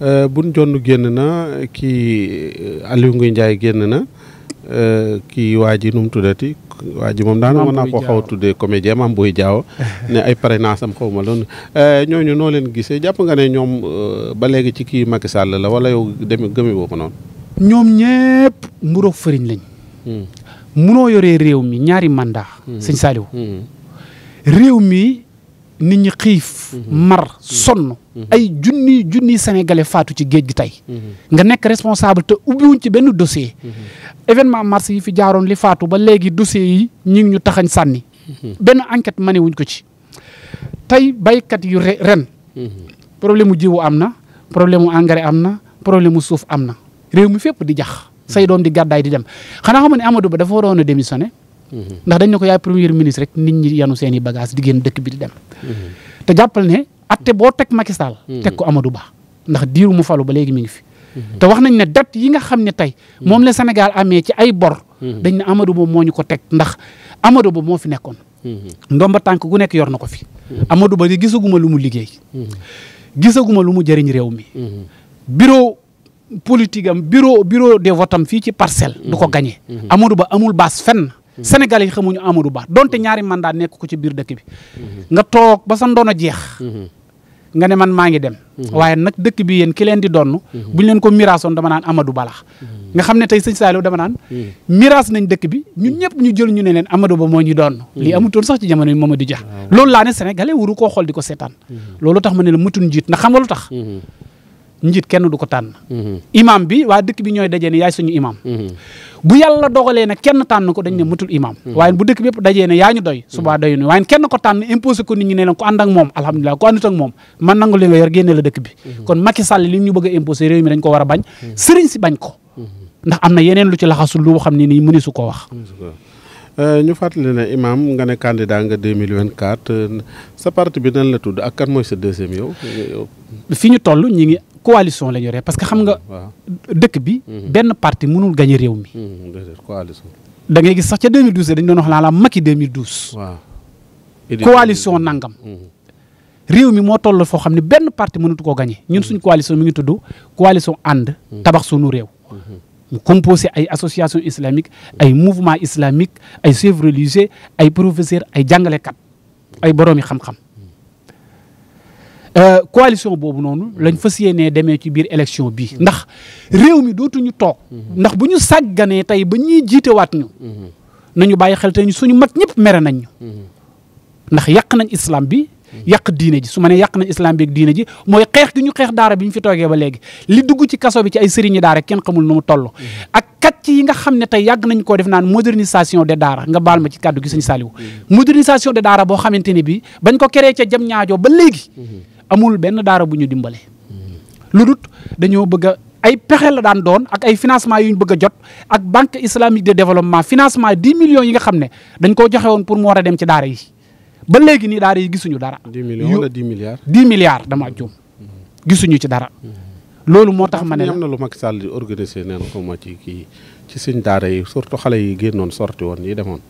Euh, Boun Dionne génn na kii euh, Aliou Ngouille Ndiaye génn na euh, kii waa ji nu mu tuddati waa ji moom daana mën naa ko xaw a tuddee comédien Mame Boye Diao ne ay parrainage am xaw ma loolu ñooñu noo leen gisee jàpp nga ne ñoom ba léegi ci kii Macky la wala yow dem gëmi boo ko noonu ñoom ñëpp mburoog fëriñ lañ hmm. munoo yoree réew mi ñaari mandat hmm. sëñ Saliou hmm. réew mi nit ñi xiif mhm. mar sonn mhm. ay junni junni sénégalais faatu ci géej gi tey mhm. nga nekk responsable te ubbiwuñ ci benn dossier événement mars yi fi jaaroon li faatu ba léegi dossier yi ñi ñu taxañ sànni benn enquête mané wuñ ko ci tey baykat yu ren problème mu jiwu am na problème mu engrais am na problème mu suuf am na réew mi fépp di jax say doom di gàddaay di dem xanaa xam ne Amadou Ba dafa waroon a démissionné ndax dañ ne ko yaay premier ministre rek nit ñi yanu seeni i bagage di génn dëkk bi di dem te jàppal ne atte boo teg Macky Sall teg ko Amadou Ba ndax diiru mu falu ba léegi mi ngi fi te wax nañ ne date yi nga xam ne tey moom la Sénégal amee ci ay bor dañ ne Amadou Ba moo ñu ko teg ndax Amadou Ba moo fi nekkoon ndomba tànk gu nekk yor na ko fi Amadou Ba di gisaguma lu mu liggéey gisaguma lu mu jëriñ réew mi bureau politique am bureau bureau de vote am fii ci parcelle du ko gagné Sénégal yi xamuñu Amadou Ba donte ñaari mandat nekk ko ci biir dëkk bi. nga toog ba sa ndono jeex. nga ne man maa ngi dem. waaye nag dëkk bi yéen ki leen di donn buñ leen ko miraasoon dama naan Amadou bala nga xam ne tey sëñ Saliou dama naan. miraas nañ dëkk bi ñun ñëpp ñu jël ñu ne leen Amadou Ba moo ñu doon. lii amutoon sax ci jamono yi Mamadou Dia. loolu laa ne sénégalais waru ko xool di ko seetaan. Hmm. loolu tax ma ne la mutuñ jiit ndax xam nga lu tax. Hmm. njiit kenn du ko tànn. Mhm. imam bi waa dëkk bi ñooy dajee ne yaay suñu imam. Mhm. bu yàlla dogalee ne kenn tànn ko dañ ne matul mhm. imam. waaye bu dëkk bi yëpp dajee ne yaa ñu doy. subaa doy nu waaye kenn ko tànn imposé ko nit ñi ne leen ko ànd moom alhamdulilah ko àndut ak moom man nangu li nga yor génne la dëkk bi. kon Macky Sall li ñu bëgg a imposé réew mi dañ ko war a bañ. sëriñ si bañ ko. ndax am na yeneen lu ci laxasul lu xam ne nii mëneesu koo wax. Euh, ñu fàttali ne imam nga ne candidat nga 2024 euh, sa parti bi nan la tudd ak kan mooy sa deuxième yow. fi ñu toll ñu ngi coalition la ñu parce que xam nga. Ah, dëkk bi. Mhm. benn parti mënul gagné réew mi. Mhm, coalition. da ngay gis sax ca 2012 dañ doon wax laa la Macky 2012. waaw coalition nangam. Mhm. réew mi moo toll foo xam ne benn parti mënatu koo gagné ñun suñ coalition mi ngi tudd coalition ànd. tabax sunu réew. mu ay association islamique ay mouvement islamique ay chefs religieux ay professeur ay jàngalekat ay boroomi xam-xam euh, coalition boobu noonu lañ fas yéenee demee ci biir élection bi ndax réew mi dootuñu toog ndax bu ñu sàgganee tey ba ñuy jiitewaat ñu nañu bàyyi xel tey ñu suñu mag ñëpp mere nañ ndax yàq nañ islam bi yàq diine ji su ma ne yàq nañ islam bi ak diine ji mooy xeex gi ñu xeex daara bi ñu fi toogee ba léegi li dugg ci kaso bi ci ay sëriñi daara kenn xamul nu mu toll mm-hmm. ak kàcc yi nga xam ne tey yàgg nañ koo def naan modernisation de daara nga baal ma ci kàddu gi sëñ Saliou mm-hmm. modernisation de daara boo xamante ne bi bañ ko keree ca jam ñaajoo ba léegi mm-hmm. amul benn daara bu ñu dimbale lu dut dañoo bëgg a ay pexe la daan doon ak ay financement yu ñu bëgg a jot ak banque islamique de développement financement dix millions yi nga xam ne dañ koo joxe woon pour mu a dem ci daara yi ba léegi nii daara yi gisuñu dara. 10 millions wala 10 milliards. 10 milliards dama juum gisuñu ci dara. Mm-hmm. loolu moo tax ma ne am na lu mag Sall di organisé neen ko ma ci kii ci suñ daara yi surtout xale yi génnoon sorti woon yi demoon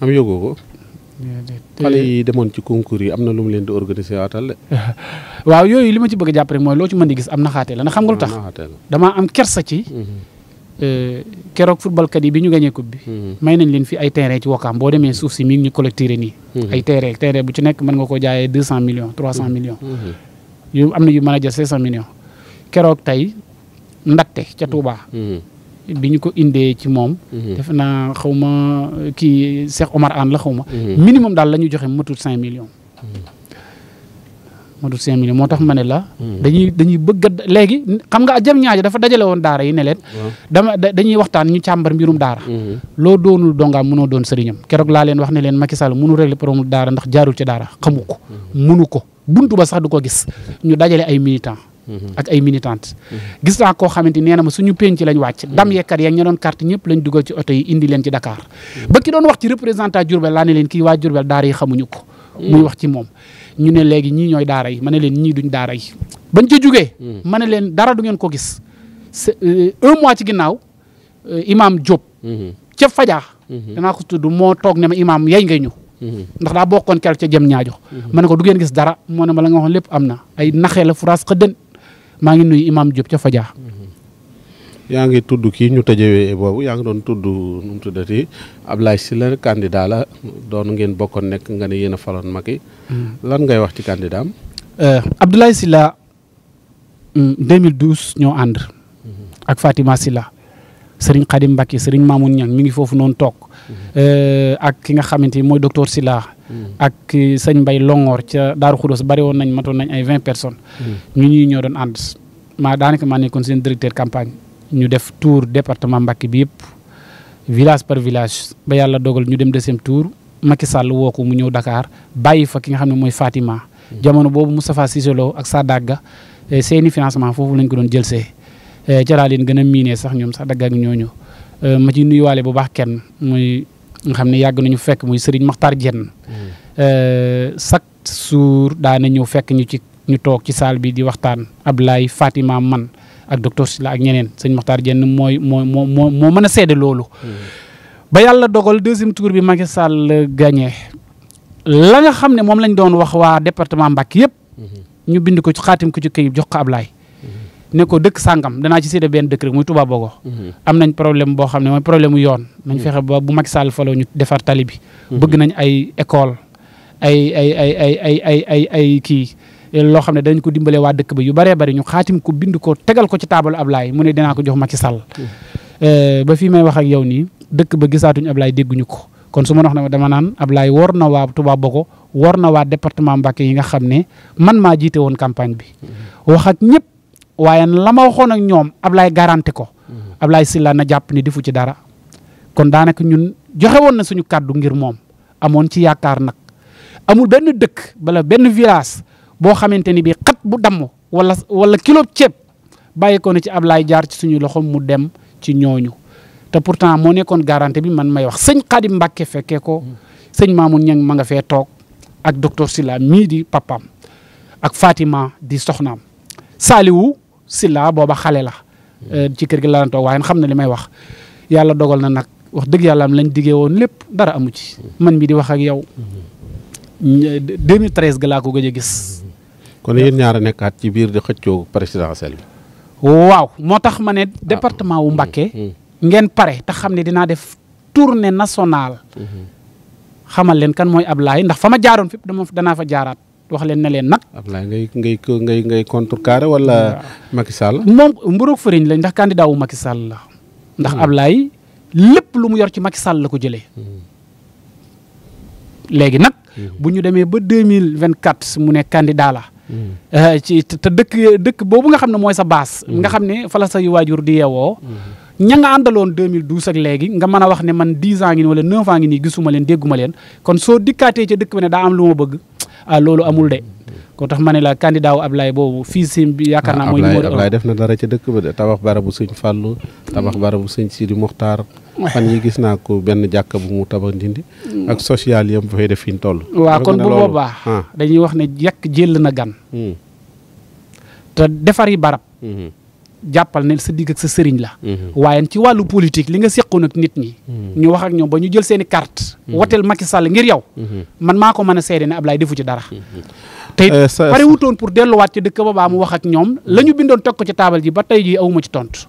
am yëgoo ko. xale yi demoon ci concours yi am na lu mu leen di organisé atal de. waaw yooyu li ma ci bëgg a jàpp rek mooy loo ci mën di gis am naxaatee la ne xam nga lu tax damaa am sa ci. Mm-hmm. Euh, keroog footballkat yi bi ñu gagné coupe bi. Hmm. may nañ leen fi ay terrain ci Wakaam boo demee suuf si mii ngi ñu collecté nii. Hmm. ay terrain terrain bu ci nekk mën nga koo jaayee deux cent millions trois cent hmm. millions. yu am na yu mën a jël cinq cent millions. keroog tey ndatte ca Touba. bi ñu ko indee ci moom. def naa xaw ma kii Cheikh Omar Anne la xaw ma. minimum daal la ñu joxe matul cinq millions. mu dul cinq millions moo tax ma ne la. dañuy dañuy bëgg a léegi xam nga jëm ñaaja dafa dajale woon daara yi ne dama dañuy waxtaan ñu càmbar mbirum daara. Mhm. loo doonul dongaam mënoo doon sëriñam keroog laa leen wax ne leen Macky Sall mënu régler problème daara ndax jaarul ci daara xamu ko. mënu mhm. ko buntu ba sax du ko gis ñu dajale ay militants. Mhm. ak ay militantes. gis naa koo xamante nee na ma suñu penc lañ wàcc. dam yekkat yeeg ña doon carte ñëpp lañ dugal ci oto yi indi leen ci Dakar. ba ki Mm. muy wax ci moom ñu ne léegi ñii ñooy daara yi ma ne leen ñii duñ daaray yi bañ ci jugee mm. ma leen dara du ngeen ko gis euh, un mois ci ginnaaw euh, imaam Diop mm-hmm. ca fajaa mm-hmm. danaa ko tudd moo toog ne ma imaam yay ngay ñu mm-hmm. ndax daa bokkoon keroog ca jëm ñaajo ma ne ko du gis dara moo ne ma la nga waxoon lépp am na ay naxee la furaas xëddën maa ngi nuyu imaam Diop ca fajaa yaa ngi tudd kii ñu tëjee boobu yaa ngi doon tudd nu mu tuddati Ablaye Sylla candidat la doon ngeen bokkoon nekk nga ne yéen a faloon Macky mm. lan ngay wax ci candidat am. Euh, Abdoulaye Sylla 2012 mm, ñoo ànd. Mm-hmm. ak Fatima Sylla Serigne Khadim Mbacke Serigne Mamoun Niang mi ngi foofu noonu toog. Mm-hmm. Euh, ak ki nga xamante ni mooy docteur Sylla. Mm-hmm. ak euh, sëñ Mbay Longoor ca Daaru Xudos bari woon nañ matoon nañ ay vingt personnes. ñu ñuy ñoo doon ànd maa daanaka maa nekkoon seen directeur campagne. ñu def tour département Mbacké bi yëpp village par village ba yàlla dogal ñu dem deuxième tour Macky Sall woo ko mu ñëw Dakar bàyyi fa ki nga xam ne mooy Fatima. jamono boobu Moustapha Cissé Lo ak Sadaga eh, seeni financement foofu lañ ko doon jël see eh, ca laa leen gën a miinee sax ñoom Sadaga ak ñooñu eh, ma ci nuyuwaale bu baax kenn muy nga xam ne yàgg nañu fekk muy Serigne Makhtar Dieng. chaque jour daana ñëw fekk ñu ci ñu toog ci salle bi di waxtaan Ablaye Fatima man. ak docteur Sylla ak ñeneen sëñ Maxtaar Jenn mooy moo moo moo moo mën a seede loolu. ba yàlla dogal deuxième tour bi Macky Sall gagné la nga xam ne moom lañ doon wax waa département Mbacké yëpp. ñu bind ko xaatim ko ci këyit jox ko Ablaye. ne ko dëkk sàngam danaa ci seede benn dëkk rek muy Touba Bogo. am nañ problème boo xam ne mooy problème mu yoon. nañ fexe ba bu Macky Sall faloo ñu defar tali bi. bëgg nañ ay école ay ay ay kii. Eh, loo xam ne dañ ko dimbalee waa dëkk ba yu bëree bëri ñu xaatim ko bind ko tegal ko ci taabalu Ablaye mu ne dinaa ko jox Macky Sall eh, ba fii may wax ak yow nii dëkk ba gisaatuñu Ablaye dégguñu ko kon su ma wax ne dama naan ab Ablaye wor na waa Touba Bogo wor na waa département Mbacké yi nga xam ne man maa jiite woon campagne bi wax ak ñëpp waaye la ma waxoon ak ñoom ab Ablaye garanti ko Ablaye Sylla na jàpp ni defu ci dara kon daanaka ñun joxe woon na suñu kàddu ngir moom amoon ci yaakaar nag amul benn dëkk bala benn village boo xamante ni bii xat bu damm wala wala kilo ceeb bàyyi ko na ci ab Ablaye jaar ci suñu loxo mu dem ci ñooñu te pourtant moo nekkoon garantie bi man may wax sëñ Xaadim Mbàkke fekkee ko hmm. sëñ Maamun Ñang ma nga fee toog ak docteur Silla mii di papaam ak Fatima di soxnaam Saaliwu Silla booba xale la hmm. euh, ci kër gi la toog waaye xam na li may wax yàlla dogal na nag wax dëgg yàlla lañ diggee woon lépp dara amu ci hmm. man mi di wax ak yow 2013 ga laa ko gëj a gis kon yéen ñaar a nekkaat ci biir di xëccoo présidentielle bi. waaw moo tax ma ne ah. département wu Mbacké. Mm-hmm. ngeen pare te xam ne dinaa def tournée nationale. Mm-hmm. xamal leen kan mooy Ablaye ndax fa ma jaaroon fépp dama danaa fa jaaraat wax leen ne leen nag. Ablaye ngay ngay ngay ngay contrecarré wala Macky Sall. moom mburoog fëriñ lañ ndax candidat wu Macky Sall la. ndax mm-hmm. Ablaye lépp lu mu yor ci Macky Sall la ko jëlee. léegi nag. bu ñu demee ba deux mille vingt quatre mu ne candidat la. Mm. Eh, ci te dëkk dëkk boobu nga xam ne mooy sa baas. Mm. nga xam ne fala sa waajur di yeewoo. Mm. ña nga àndaloon 2012 ak léegi nga mën a wax ne man 10 ans ngi nii ngi nii gisuma leen dégguma leen kon soo dikkaatee ca dëkk bi ne daa am lu ma bëgg ah loolu amul de. koo tax ma ne la candidat wu Ablaye boobu fii sim bi yaakaar naa ah, mooy numéro 1 Ablaye def na dara ca dëkk ba de tabax barabu sëñ Fallou tabax barabu sëñ Sidi Mokhtar fan yi gis naa ko benn jàkka bu mu tabax ndindi mm. ak social yam bu fay def fi ñu toll waaw kon bu boobaa ah. dañuy wax ne yàq jël na gan mm. te defar yi barab mm-hmm. jàppal ne sa digg sa sëriñ la mm-hmm. waaye ci wàllu politique li nga seqoon ak nit ñi mm-hmm. ñu waxaat ak ñoom ba ñu jël seeni carte woteel Macky Sall ngir yow man maa ko mën a seede ne laay defu ci dara te eh, pare wutoon pour delluwaat ci dëkk ba baa mu wax ak ñoom la ñu bindoon teg ko ci taabal ji ba tey ji awuma ci tontu